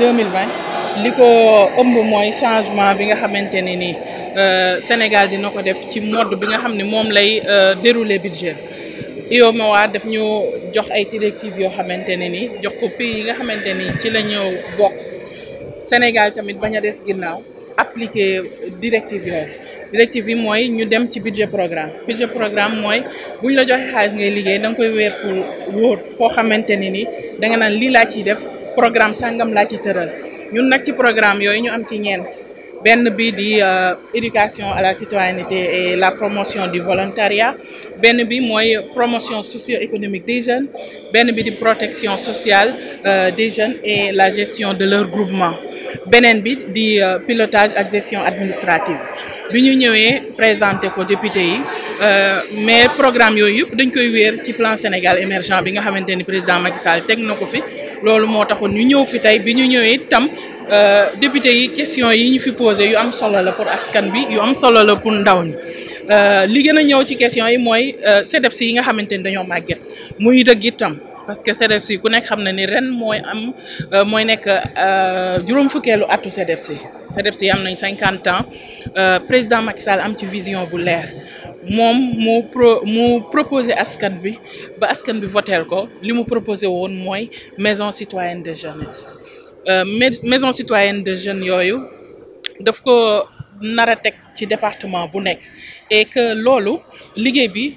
2020 li ko ëmb mooy changement bi nga xamante ne nii euh, Sénégal dina ko def ci mode bi nga xam ne moom lay euh, dérouler budget UEMOA daf ñu jox ay directives yoo xamante ne nii jox ko pays yi nga xamante ni ci la bokk Sénégal tamit bañ a des ginnaaw appliquer directive yooyu directive yi mooy ñu dem ci budget programme budget programme mooy buñ la joxee xaalis ngay liggéey da nga koy wéer fu wóor foo xamante ni nii da nga naan lii laa ciy def programme sangam laa ci tëral ñun nag ci programme yooyu ñu am ci ñeent benn bi di euh, éducation à la citoyenneté et la promotion du volontariat benn bi mooy promotion socio-économique des jeunes benn bi di protection sociale euh, des jeunes et la gestion de leur groupement beneen bi di euh, pilotage ak gestion administrative bi ñu ñëwee présenté ko député yi mais programme yooyu yëpp dañ koy wéer ci plan Sénégal émergent bi nga xamante ni président Macky Sall teg na ko fi loolu moo taxoon ñu ñëw fi tey bi ñu ñëwee itam euh, député yi question yi ñu fi posé yu am solo la pour askan bi yu am solo la pour ndaw ñi euh, li gën a ñëw ci question yi mooy euh, CDEPS yi nga xamante ni dañoo màgget muy dëgg itam parce que CDEPS yi ku nekk xam na ni ren mooy am mooy nekk juróom fukkeelu atu CDEPS yi CDEPS yi am nañ cinquante ans président Macky Sall am ci vision bu leer mom mo pro mu proposer askan bi ba askan bi voter ko limu proposer won moy maison citoyenne de jeunesse euh, maison citoyenne de jeunes yoyu daf ko nar ci département bu nek et que lolu liggéey bi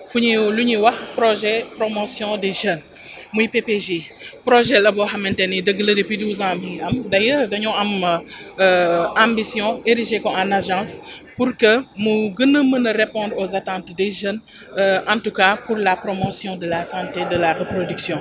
Nous avons wax projet promotion des jeunes PPJ, PPG projet la nous avons depuis 12 ans D'ailleurs, nous avons d'ailleurs ambition érigée en agence pour que nous puissions répondre aux attentes des jeunes euh, en tout cas pour la promotion de la santé de la reproduction